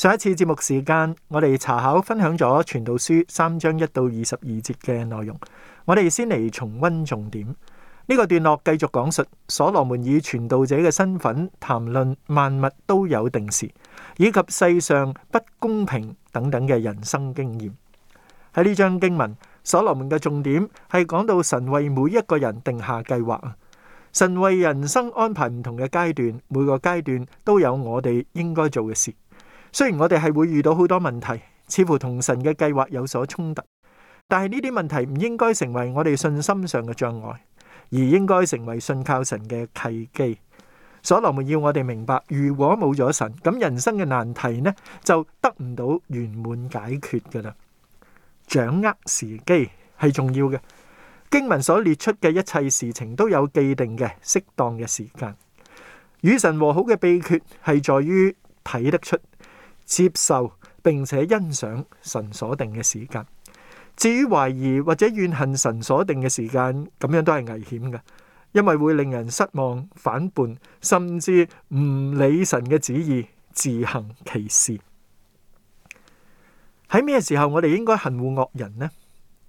上一次節目時間，我哋查考分享咗《傳道書》三章一到二十二節嘅內容。我哋先嚟重溫重點。呢個段落繼續講述所羅門以傳道者嘅身份談論萬物都有定時，以及世上不公平等等嘅人生經驗。喺呢章經文，所羅門嘅重點係講到神為每一個人定下計劃。神為人生安排唔同嘅階段，每個階段都有我哋應該做嘅事。雖然我哋係會遇到好多問題，似乎同神嘅計劃有所衝突，但係呢啲問題唔應該成為我哋信心上嘅障礙，而應該成為信靠神嘅契機。所羅門要我哋明白，如果冇咗神，咁人生嘅難題呢，就得唔到圓滿解決㗎喇。掌握時機係重要嘅，經文所列出嘅一切事情都有既定嘅適當嘅時間。與神和好嘅秘訣係在於睇得出。接受並且欣賞神所定嘅時間，至於懷疑或者怨恨神所定嘅時間，咁樣都係危險嘅，因為會令人失望、反叛，甚至唔理神嘅旨意，自行其事。喺咩時候我哋應該恨惡惡人呢？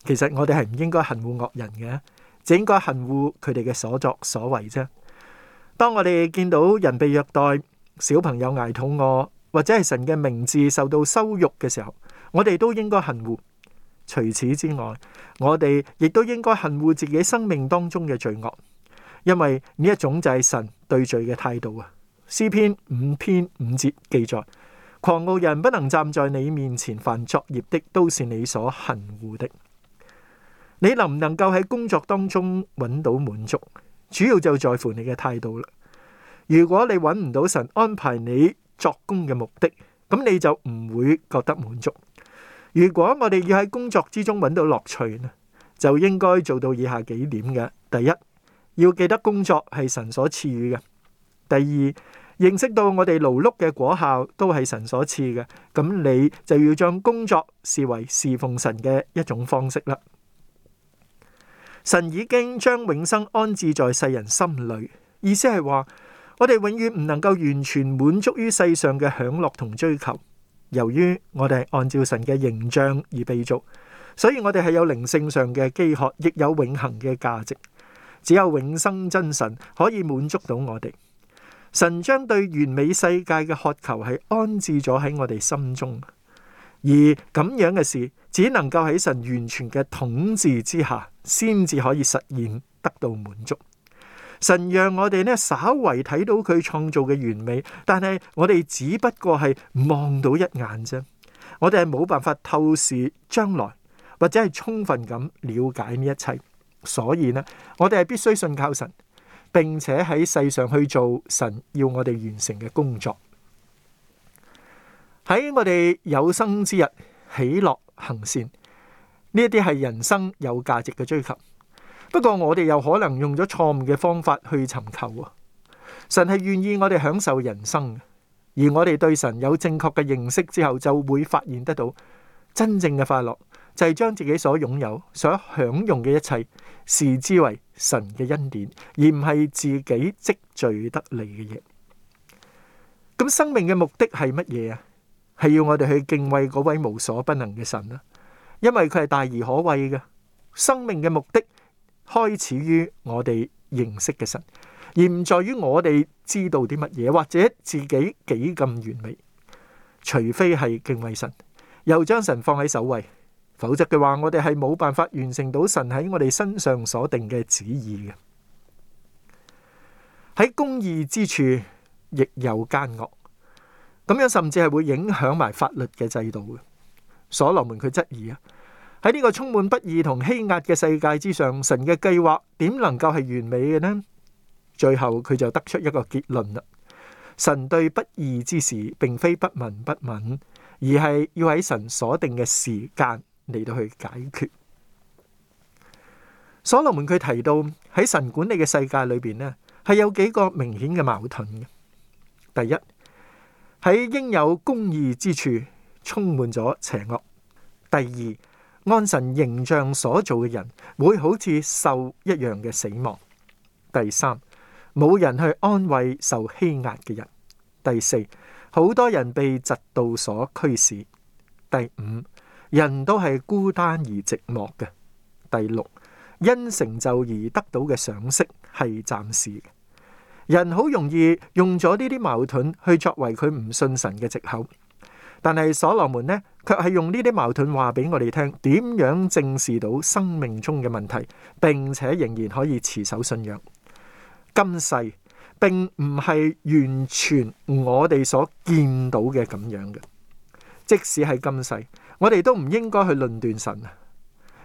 其實我哋係唔應該恨惡惡人嘅，只應該恨惡佢哋嘅所作所為啫。當我哋見到人被虐待，小朋友捱肚餓。或者係神嘅名字受到羞辱嘅時候，我哋都應該恨惡。除此之外，我哋亦都應該恨惡自己生命當中嘅罪惡，因為呢一種就係神對罪嘅態度啊。詩篇五篇五節記載：狂傲人不能站在你面前凡作孽的，都是你所恨惡的。你能唔能夠喺工作當中揾到滿足，主要就在乎你嘅態度啦。如果你揾唔到神安排你。作工嘅目的，咁你就唔會覺得滿足。如果我哋要喺工作之中揾到樂趣呢，就應該做到以下幾點嘅：第一，要記得工作係神所賜嘅；第二，認識到我哋勞碌嘅果效都係神所賜嘅。咁你就要將工作視為侍奉神嘅一種方式啦。神已經將永生安置在世人心裏，意思係話。我哋永遠唔能夠完全滿足於世上嘅享樂同追求，由於我哋係按照神嘅形象而被造，所以我哋係有靈性上嘅飢渴，亦有永恒嘅價值。只有永生真神可以滿足到我哋。神將對完美世界嘅渴求係安置咗喺我哋心中，而咁樣嘅事只能夠喺神完全嘅統治之下，先至可以實現得到滿足。神讓我哋咧稍為睇到佢創造嘅完美，但係我哋只不過係望到一眼啫，我哋係冇辦法透視將來或者係充分咁了解呢一切。所以呢，我哋係必須信靠神，並且喺世上去做神要我哋完成嘅工作。喺我哋有生之日，喜樂行善，呢一啲係人生有價值嘅追求。不過我哋又可能用咗錯誤嘅方法去尋求啊。神係願意我哋享受人生，而我哋對神有正確嘅認識之後，就會發現得到真正嘅快樂，就係將自己所擁有、所享用嘅一切視之為神嘅恩典，而唔係自己積聚得嚟嘅嘢。咁生命嘅目的係乜嘢啊？係要我哋去敬畏嗰位無所不能嘅神啦，因為佢係大而可畏嘅。生命嘅目的。開始於我哋認識嘅神，而唔在於我哋知道啲乜嘢，或者自己幾咁完美。除非係敬畏神，又將神放喺首位，否則嘅話，我哋係冇辦法完成到神喺我哋身上所定嘅旨意嘅。喺公義之處，亦有奸惡，咁樣甚至係會影響埋法律嘅制度嘅。所羅門佢質疑啊。喺呢個充滿不義同欺壓嘅世界之上，神嘅計劃點能夠係完美嘅呢？最後佢就得出一個結論啦：神對不義之事並非不聞不問，而係要喺神所定嘅時間嚟到去解決。所羅門佢提到喺神管理嘅世界裏邊呢，係有幾個明顯嘅矛盾嘅。第一，喺應有公義之處充滿咗邪惡；第二。安神形象所做嘅人會好似獸一樣嘅死亡。第三，冇人去安慰受欺壓嘅人。第四，好多人被嫉妒所驅使。第五，人都係孤單而寂寞嘅。第六，因成就而得到嘅賞識係暫時嘅。人好容易用咗呢啲矛盾去作為佢唔信神嘅借口，但係所羅門呢？卻係用呢啲矛盾話俾我哋聽，點樣正視到生命中嘅問題，並且仍然可以持守信仰。今世並唔係完全我哋所見到嘅咁樣嘅，即使係今世，我哋都唔應該去論斷神啊，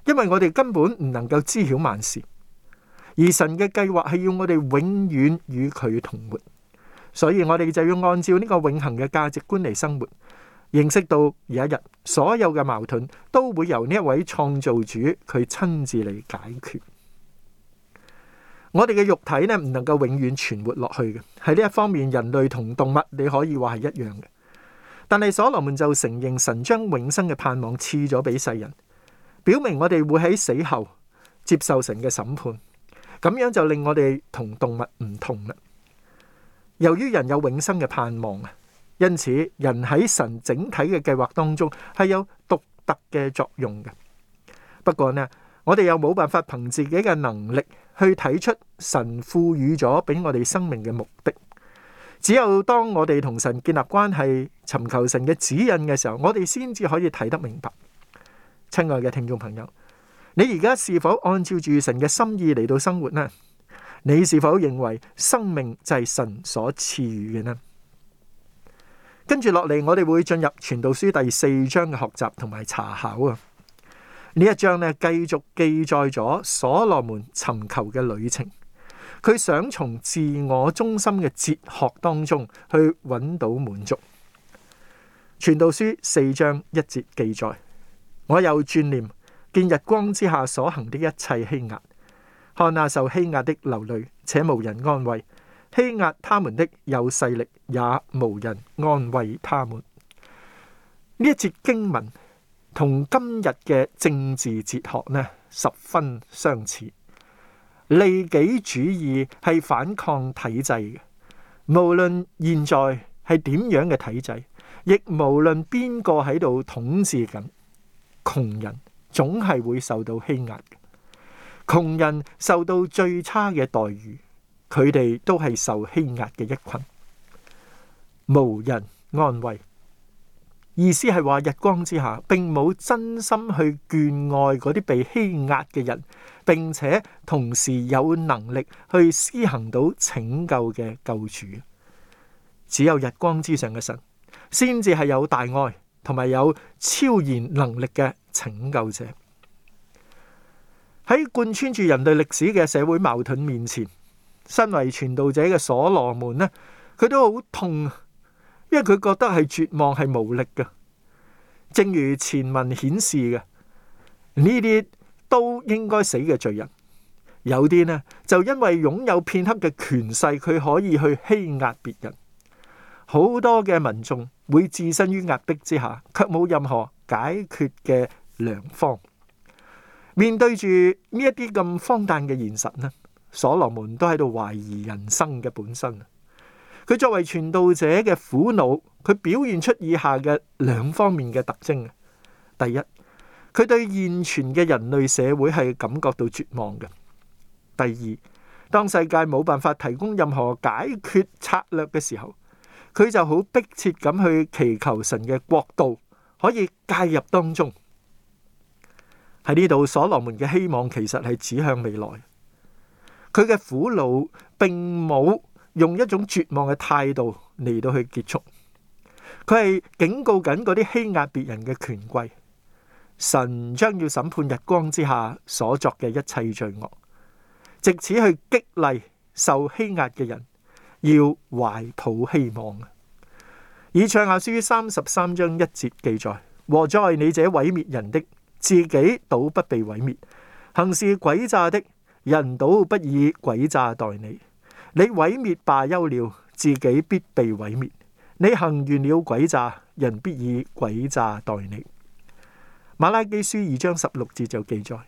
因為我哋根本唔能夠知曉萬事。而神嘅計劃係要我哋永遠與佢同活，所以我哋就要按照呢個永恆嘅價值觀嚟生活。認識到有一日，所有嘅矛盾都會由呢一位創造主佢親自嚟解決。我哋嘅肉體呢，唔能夠永遠存活落去嘅，喺呢一方面，人類同動物你可以話係一樣嘅。但係所羅門就承認神將永生嘅盼望賜咗俾世人，表明我哋會喺死後接受神嘅審判，咁樣就令我哋同動物唔同啦。由於人有永生嘅盼望啊！因此，人喺神整體嘅計劃當中係有獨特嘅作用嘅。不過呢，我哋又冇辦法憑自己嘅能力去睇出神賦予咗俾我哋生命嘅目的。只有當我哋同神建立關係、尋求神嘅指引嘅時候，我哋先至可以睇得明白。親愛嘅聽眾朋友，你而家是否按照住神嘅心意嚟到生活呢？你是否認為生命就係神所賜予嘅呢？跟住落嚟，我哋會進入《傳道書》第四章嘅學習同埋查考啊！呢一章咧，繼續記載咗所羅門尋求嘅旅程。佢想從自我中心嘅哲學當中去揾到滿足。《傳道書》四章一節記載：我又轉念，見日光之下所行的一切欺壓，看那受欺壓的流淚，且無人安慰。欺壓他們的有勢力，也無人安慰他們。呢一節經文同今日嘅政治哲學呢十分相似。利己主義係反抗體制嘅，無論現在係點樣嘅體制，亦無論邊個喺度統治緊，窮人總係會受到欺壓嘅。窮人受到最差嘅待遇。佢哋都係受欺壓嘅一群，無人安慰。意思係話日光之下，並冇真心去眷愛嗰啲被欺壓嘅人，並且同時有能力去施行到拯救嘅救主。只有日光之上嘅神，先至係有大愛，同埋有超然能力嘅拯救者。喺貫穿住人類歷史嘅社會矛盾面前。身為傳道者嘅所羅門呢，佢都好痛，因為佢覺得係絕望、係無力嘅。正如前文顯示嘅，呢啲都應該死嘅罪人，有啲呢，就因為擁有片刻嘅權勢，佢可以去欺壓別人。好多嘅民眾會置身於壓迫之下，卻冇任何解決嘅良方。面對住呢一啲咁荒誕嘅現實咧。所羅門都喺度懷疑人生嘅本身。佢作為傳道者嘅苦惱，佢表現出以下嘅兩方面嘅特徵：第一，佢對現存嘅人類社會係感覺到絕望嘅；第二，當世界冇辦法提供任何解決策略嘅時候，佢就好迫切咁去祈求神嘅國度可以介入當中。喺呢度，所羅門嘅希望其實係指向未來。佢嘅苦惱並冇用一種絕望嘅態度嚟到去結束，佢係警告緊嗰啲欺壓別人嘅權貴，神將要審判日光之下所作嘅一切罪惡，藉此去激勵受欺壓嘅人要懷抱希望。以賽亞書三十三章一節記載：禍哉！你這毀滅人的，自己倒不被毀滅，行事詭詐的。人倒不以詭詐待你，你毀滅罷休了，自己必被毀滅；你行完了詭詐，人必以詭詐待你。馬拉基書二章十六節就記載：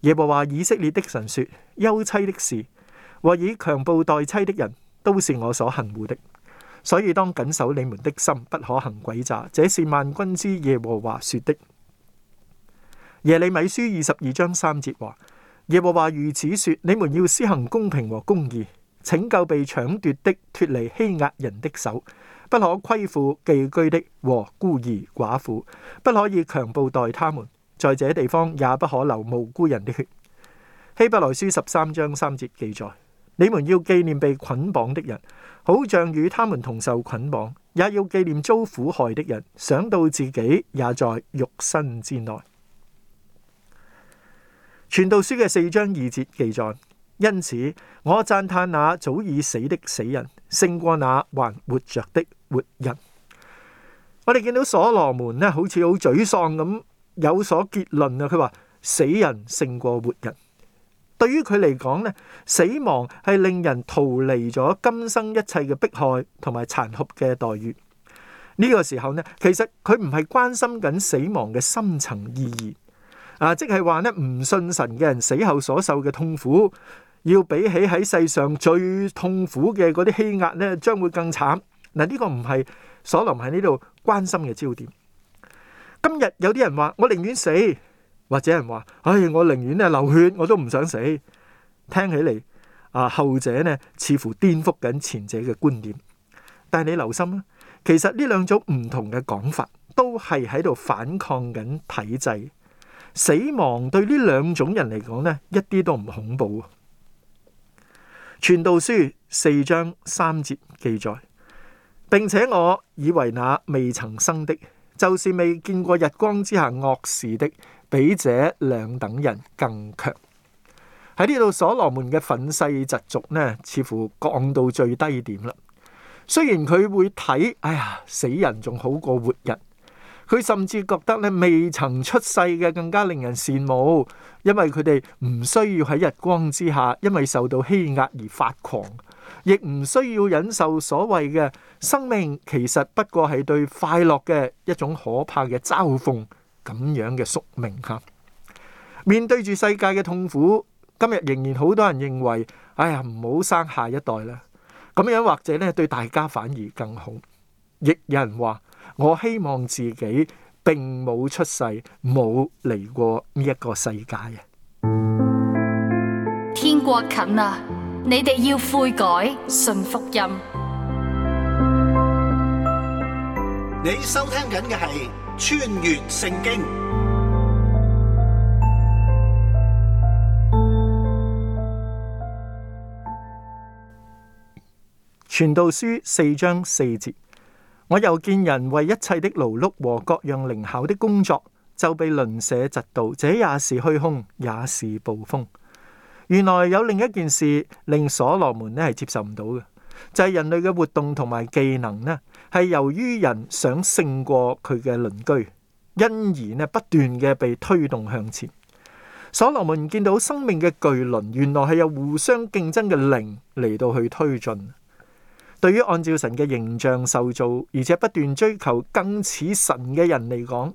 耶和華以色列的神說，休妻的事或以強暴待妻的人，都是我所恨惡的。所以當謹守你們的心，不可行詭詐。這是萬軍之耶和華說的。耶利米書二十二章三節話。耶和華如此說：你們要施行公平和公義，拯救被搶奪的脱離欺壓人的手，不可虧負寄居的和孤兒寡婦，不可以強暴待他們。在這地方也不可流無辜人的血。希伯來書十三章三節記載：你們要紀念被捆綁的人，好像與他們同受捆綁；也要紀念遭苦害的人，想到自己也在肉身之內。《傳道書》嘅四章二節記載，因此我讚嘆那早已死的死人勝過那還活着的活人。我哋見到所羅門呢，好似好沮喪咁，有所結論啊！佢話死人勝過活人。對於佢嚟講呢，死亡係令人逃離咗今生一切嘅迫害同埋殘酷嘅待遇。呢個時候呢，其實佢唔係關心緊死亡嘅深層意義。啊，即係話咧，唔信神嘅人死後所受嘅痛苦，要比起喺世上最痛苦嘅嗰啲欺壓咧，將會更慘嗱。呢、啊呢個唔係所羅門喺呢度關心嘅焦點。今日有啲人話我寧願死，或者人話唉、哎，我寧願咧流血，我都唔想死。聽起嚟啊，後者咧似乎顛覆緊前者嘅觀點。但係你留心啦，其實呢兩種唔同嘅講法，都係喺度反抗緊體制。死亡對呢兩種人嚟講呢，一啲都唔恐怖。傳道書四章三節記載，並且我以為那未曾生的，就是未見過日光之下惡事的，比這兩等人更強。喺呢度，所羅門嘅憤世嫉俗呢，似乎降到最低點啦。雖然佢會睇，哎呀，死人仲好過活人。佢甚至覺得咧未曾出世嘅更加令人羨慕，因為佢哋唔需要喺日光之下，因為受到欺壓而發狂，亦唔需要忍受所謂嘅生命其實不過係對快樂嘅一種可怕嘅嘲諷咁樣嘅宿命嚇。面對住世界嘅痛苦，今日仍然好多人認為，哎呀，唔好生下一代啦，咁樣或者咧對大家反而更好，亦有人話。我希望自己並冇出世，冇嚟過呢一個世界嘅。天國近啊，你哋要悔改，信福音。你收聽緊嘅係穿越聖經，傳道書四章四節。我又見人為一切的勞碌和各樣靈巧的工作，就被鄰舍嫉妒，這也是虛空，也是暴風。原來有另一件事令所羅門呢係接受唔到嘅，就係、是、人類嘅活動同埋技能呢，係由於人想勝過佢嘅鄰居，因而呢不斷嘅被推動向前。所羅門見到生命嘅巨輪，原來係有互相競爭嘅靈嚟到去推進。對於按照神嘅形象受造，而且不斷追求更似神嘅人嚟講，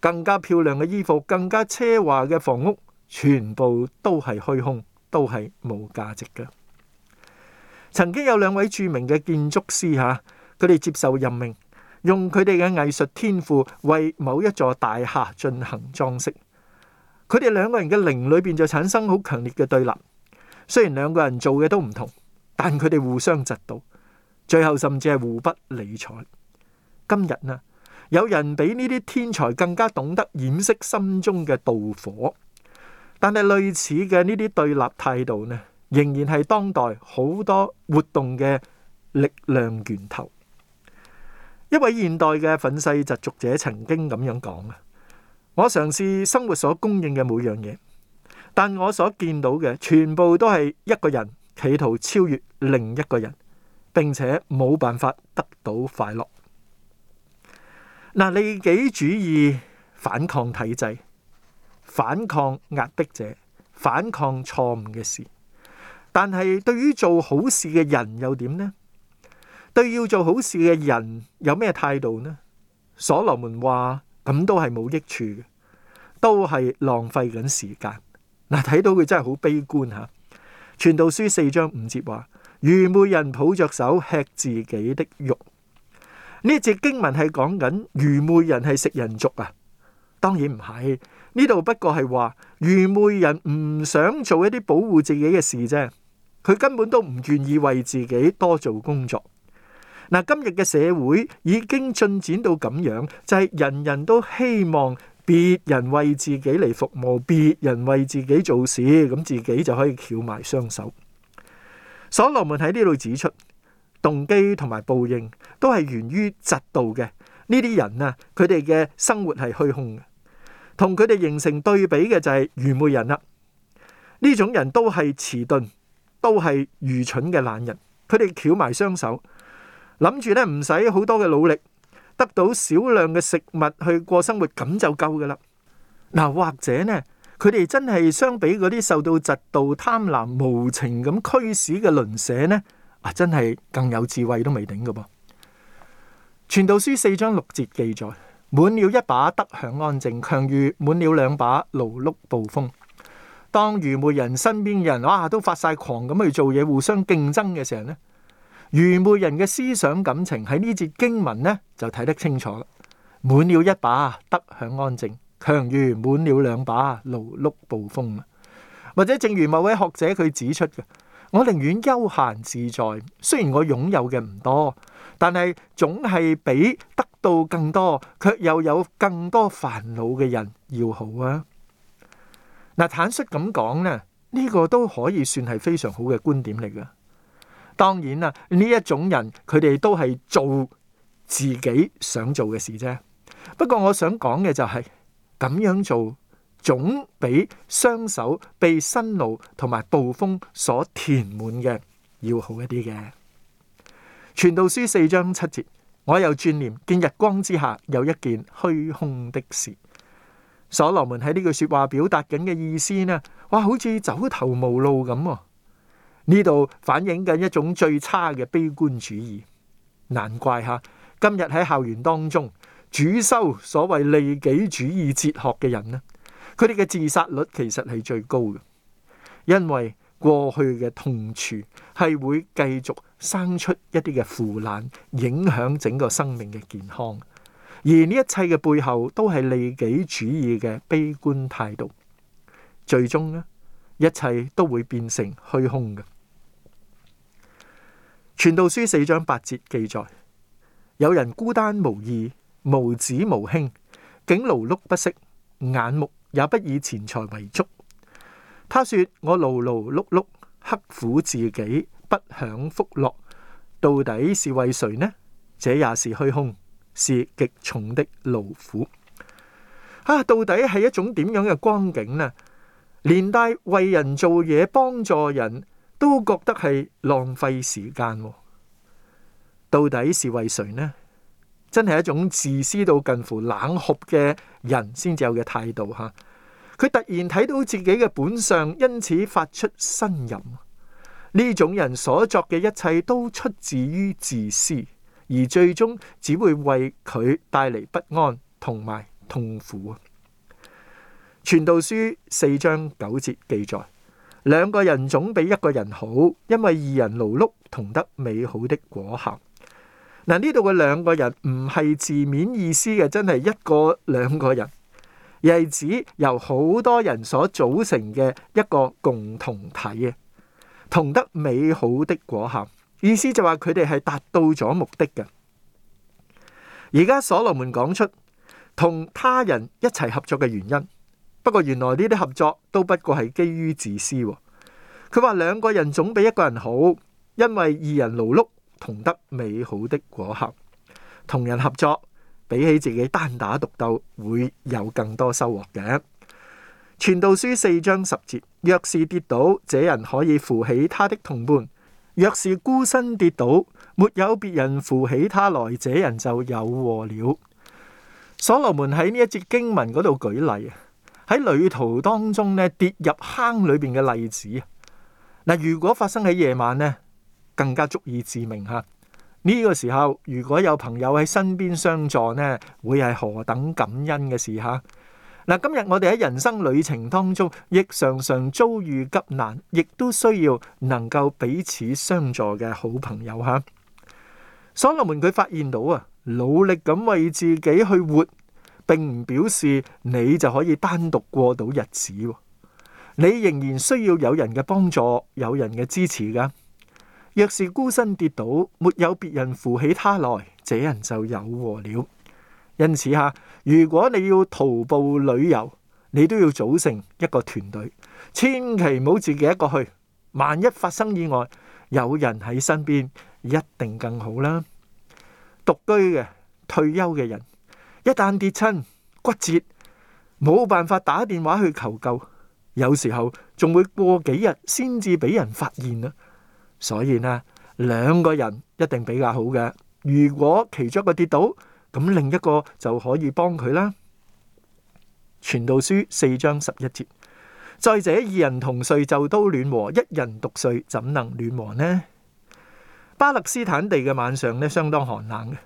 更加漂亮嘅衣服、更加奢華嘅房屋，全部都係虛空，都係冇價值嘅。曾經有兩位著名嘅建築師嚇，佢哋接受任命，用佢哋嘅藝術天賦為某一座大廈進行裝飾。佢哋兩個人嘅靈裏邊就產生好強烈嘅對立。雖然兩個人做嘅都唔同，但佢哋互相窒道。最後甚至係互不理睬。今日呢，有人比呢啲天才更加懂得掩飾心中嘅妒火，但係類似嘅呢啲對立態度呢，仍然係當代好多活動嘅力量源頭。一位現代嘅憤世嫉俗者曾經咁樣講啊：我嘗試生活所供應嘅每樣嘢，但我所見到嘅全部都係一個人企圖超越另一個人。並且冇辦法得到快樂。嗱，利己主義反抗體制，反抗壓迫者，反抗錯誤嘅事。但係對於做好事嘅人又點呢？對要做好事嘅人有咩態度呢？所羅門話：咁都係冇益處嘅，都係浪費緊時間。嗱，睇到佢真係好悲觀吓。傳道書四章五節話。愚昧人抱着手吃自己的肉，呢節經文係講緊愚昧人係食人族啊！當然唔係，呢度不過係話愚昧人唔想做一啲保護自己嘅事啫，佢根本都唔願意為自己多做工作。嗱，今日嘅社會已經進展到咁樣，就係人人都希望別人為自己嚟服務，別人為自己做事，咁自己就可以翹埋雙手。所羅門喺呢度指出，動機同埋報應都係源於嫉妒嘅。呢啲人啊，佢哋嘅生活係虛空嘅，同佢哋形成對比嘅就係愚昧人啦。呢種人都係遲鈍，都係愚蠢嘅懶人。佢哋翹埋雙手，諗住咧唔使好多嘅努力，得到少量嘅食物去過生活，咁就夠噶啦。嗱，或者呢？佢哋真係相比嗰啲受到嫉妒、貪婪、無情咁驅使嘅鄰舍呢？啊，真係更有智慧都未頂㗎噃！傳道書四章六節記載：滿了一把得享安靜，強如滿了兩把勞碌暴風。當愚昧人身邊嘅人哇都發晒狂咁去做嘢，互相競爭嘅時候呢？愚昧人嘅思想感情喺呢節經文呢就睇得清楚啦。滿了一把得享安靜。強如滿了兩把勞碌暴風啊，或者正如某位學者佢指出嘅，我寧願悠閒自在。雖然我擁有嘅唔多，但係總係比得到更多卻又有更多煩惱嘅人要好啊。嗱，坦率咁講咧，呢、呢個都可以算係非常好嘅觀點嚟噶。當然啦，呢一種人佢哋都係做自己想做嘅事啫。不過我想講嘅就係、係。咁樣做總比雙手被辛勞同埋捕風所填滿嘅要好一啲嘅。傳道書四章七節，我又轉念見日光之下有一件虛空的事。所羅門喺呢句説話表達緊嘅意思呢？哇，好似走投無路咁喎、啊！呢度反映緊一種最差嘅悲觀主義，難怪吓今日喺校園當中，主修所謂利己主義哲學嘅人呢，佢哋嘅自殺率其實係最高嘅，因為過去嘅痛楚係會繼續生出一啲嘅腐爛，影響整個生命嘅健康。而呢一切嘅背後都係利己主義嘅悲觀態度，最終呢，一切都會變成虛空嘅。傳道書四章八節記載：有人孤單無意。無子無兄，竟勞碌不息，眼目也不以錢財為足。他說：我勞勞碌碌，刻苦自己，不享福樂，到底是為誰呢？這也是虛空，是極重的勞苦。啊，到底係一種點樣嘅光景呢？連帶為人做嘢、幫助人都覺得係浪費時間，到底是為誰呢？真係一種自私到近乎冷酷嘅人先至有嘅態度嚇。佢突然睇到自己嘅本相，因此發出呻吟。呢種人所作嘅一切都出自於自私，而最終只會為佢帶嚟不安同埋痛苦。傳道書四章九節記載：「兩個人總比一個人好，因為二人勞碌同得美好的果效。」嗱，呢度嘅兩個人唔係字面意思嘅，真係一個兩個人，而係指由好多人所組成嘅一個共同體啊，同得美好的果效。意思就話佢哋係達到咗目的嘅。而家所羅門講出同他人一齊合作嘅原因，不過原來呢啲合作都不過係基於自私。佢話兩個人總比一個人好，因為二人勞碌。同得美好的果效，同人合作比起自己單打獨鬥會有更多收穫嘅。傳道書四章十節，若是跌倒，這人可以扶起他的同伴；若是孤身跌倒，沒有別人扶起他來，這人就有禍了。所羅門喺呢一節經文嗰度舉例，喺旅途當中呢跌入坑裏邊嘅例子。嗱，如果發生喺夜晚呢。更加足以致命吓。呢個時候，如果有朋友喺身邊相助呢，會係何等感恩嘅事吓嗱。今日我哋喺人生旅程當中，亦常常遭遇急難，亦都需要能夠彼此相助嘅好朋友吓。所羅門佢發現到啊，努力咁為自己去活，並唔表示你就可以單獨過到日子，你仍然需要有人嘅幫助，有人嘅支持噶。若是孤身跌倒，沒有別人扶起他來，這人就有禍了。因此啊，如果你要徒步旅遊，你都要組成一個團隊，千祈唔好自己一個去。萬一發生意外，有人喺身邊，一定更好啦。獨居嘅退休嘅人，一旦跌親骨折，冇辦法打電話去求救，有時候仲會過幾日先至俾人發現啊。所以咧，兩個人一定比較好嘅。如果其中一個跌倒，咁另一個就可以幫佢啦。傳道書四章十一節。再者，二人同睡就都暖和，一人獨睡怎能暖和呢？巴勒斯坦地嘅晚上呢，相當寒冷嘅，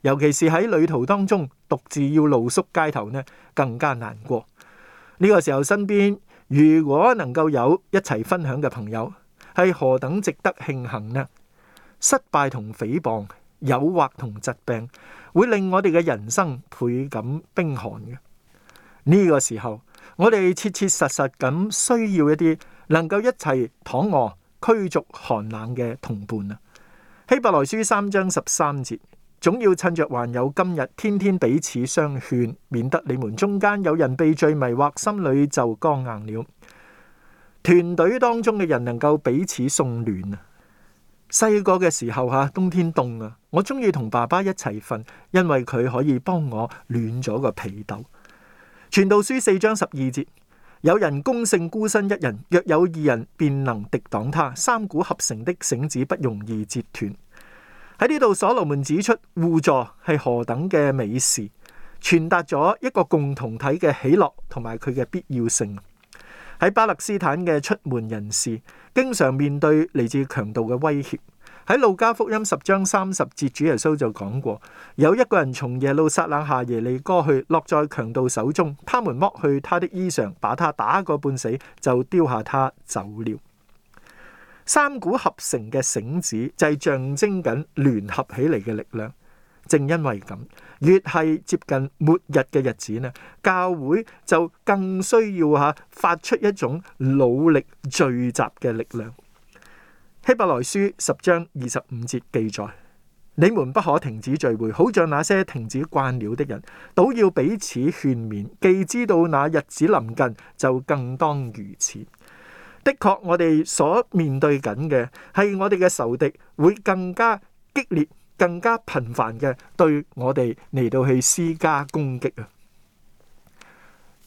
尤其是喺旅途當中獨自要露宿街頭呢，更加難過。呢個時候身邊如果能夠有一齊分享嘅朋友，係何等值得慶幸呢？失敗同誹謗、誘惑同疾病，會令我哋嘅人生倍感冰寒嘅。呢個時候，我哋切切實實咁需要一啲能夠一齊躺臥驅逐寒冷嘅同伴啊！希伯來書三章十三節，總要趁着還有今日，天天彼此相勸，免得你們中間有人被罪迷惑，心裏就剛硬了。團隊當中嘅人能夠彼此送暖啊！細個嘅時候嚇、啊，冬天凍啊，我中意同爸爸一齊瞓，因為佢可以幫我暖咗個被竇。傳道書四章十二節：有人攻勝孤身一人，若有二人，便能敵擋他。三股合成的繩子不容易折斷。喺呢度，所羅門指出互助係何等嘅美事，傳達咗一個共同體嘅喜樂同埋佢嘅必要性。喺巴勒斯坦嘅出門人士，經常面對嚟自強盜嘅威脅。喺路加福音十章三十節，主耶穌就講過：有一個人從耶路撒冷下耶利哥去，落在強盜手中，他們剝去他的衣裳，把他打個半死，就丟下他走了。三股合成嘅繩子就係象徵緊聯合起嚟嘅力量。正因為咁，越係接近末日嘅日子呢，教會就更需要吓發出一種努力聚集嘅力量。希伯來書十章二十五節記載：你們不可停止聚會，好像那些停止慣了的人，倒要彼此勸勉。既知道那日子臨近，就更當如此。的確，我哋所面對緊嘅係我哋嘅仇敵會更加激烈。更加頻繁嘅對我哋嚟到去施加攻擊啊！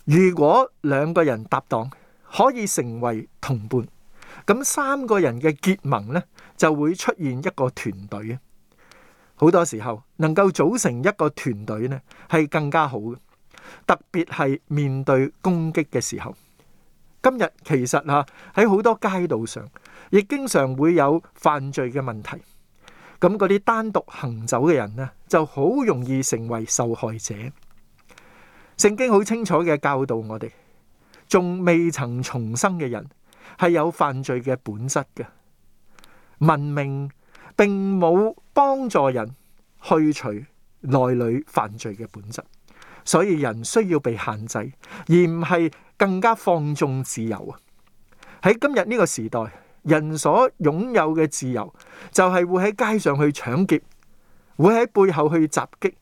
如果兩個人搭檔可以成為同伴，咁三個人嘅結盟咧就會出現一個團隊啊！好多時候能夠組成一個團隊咧，係更加好嘅，特別係面對攻擊嘅時候。今日其實嚇喺好多街道上，亦經常會有犯罪嘅問題。咁嗰啲單獨行走嘅人呢，就好容易成為受害者。聖經好清楚嘅教導我哋，仲未曾重生嘅人係有犯罪嘅本質嘅。文明並冇幫助人去除內裏犯罪嘅本質，所以人需要被限制，而唔係更加放縱自由啊！喺今日呢個時代。人所擁有嘅自由，就係會喺街上去搶劫，會喺背後去襲擊，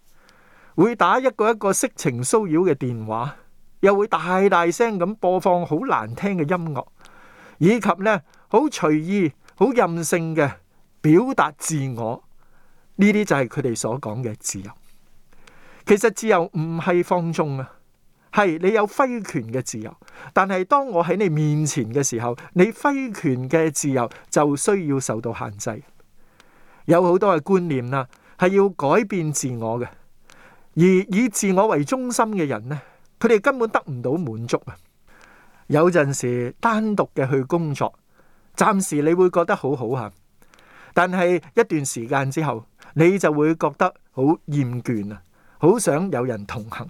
會打一個一個色情騷擾嘅電話，又會大大聲咁播放好難聽嘅音樂，以及呢好隨意、好任性嘅表達自我，呢啲就係佢哋所講嘅自由。其實自由唔係放縱啊！係你有揮拳嘅自由，但係當我喺你面前嘅時候，你揮拳嘅自由就需要受到限制。有好多嘅觀念啦，係要改變自我嘅，而以自我為中心嘅人呢，佢哋根本得唔到滿足啊！有陣時單獨嘅去工作，暫時你會覺得好好吓，但係一段時間之後，你就會覺得好厭倦啊，好想有人同行。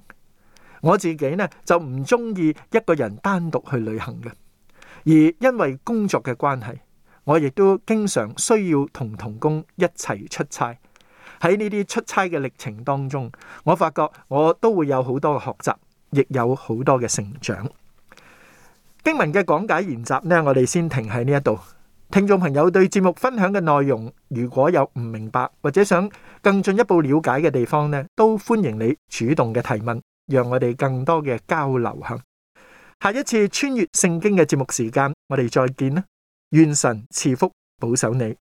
我自己呢就唔中意一個人單獨去旅行嘅，而因為工作嘅關係，我亦都經常需要同同工一齊出差。喺呢啲出差嘅歷程當中，我發覺我都會有好多嘅學習，亦有好多嘅成長。經文嘅講解研習呢，我哋先停喺呢一度。聽眾朋友對節目分享嘅內容，如果有唔明白或者想更進一步了解嘅地方呢，都歡迎你主動嘅提問。讓我哋更多嘅交流行，行下一次穿越聖經嘅節目時間，我哋再見啦！願神賜福保守你。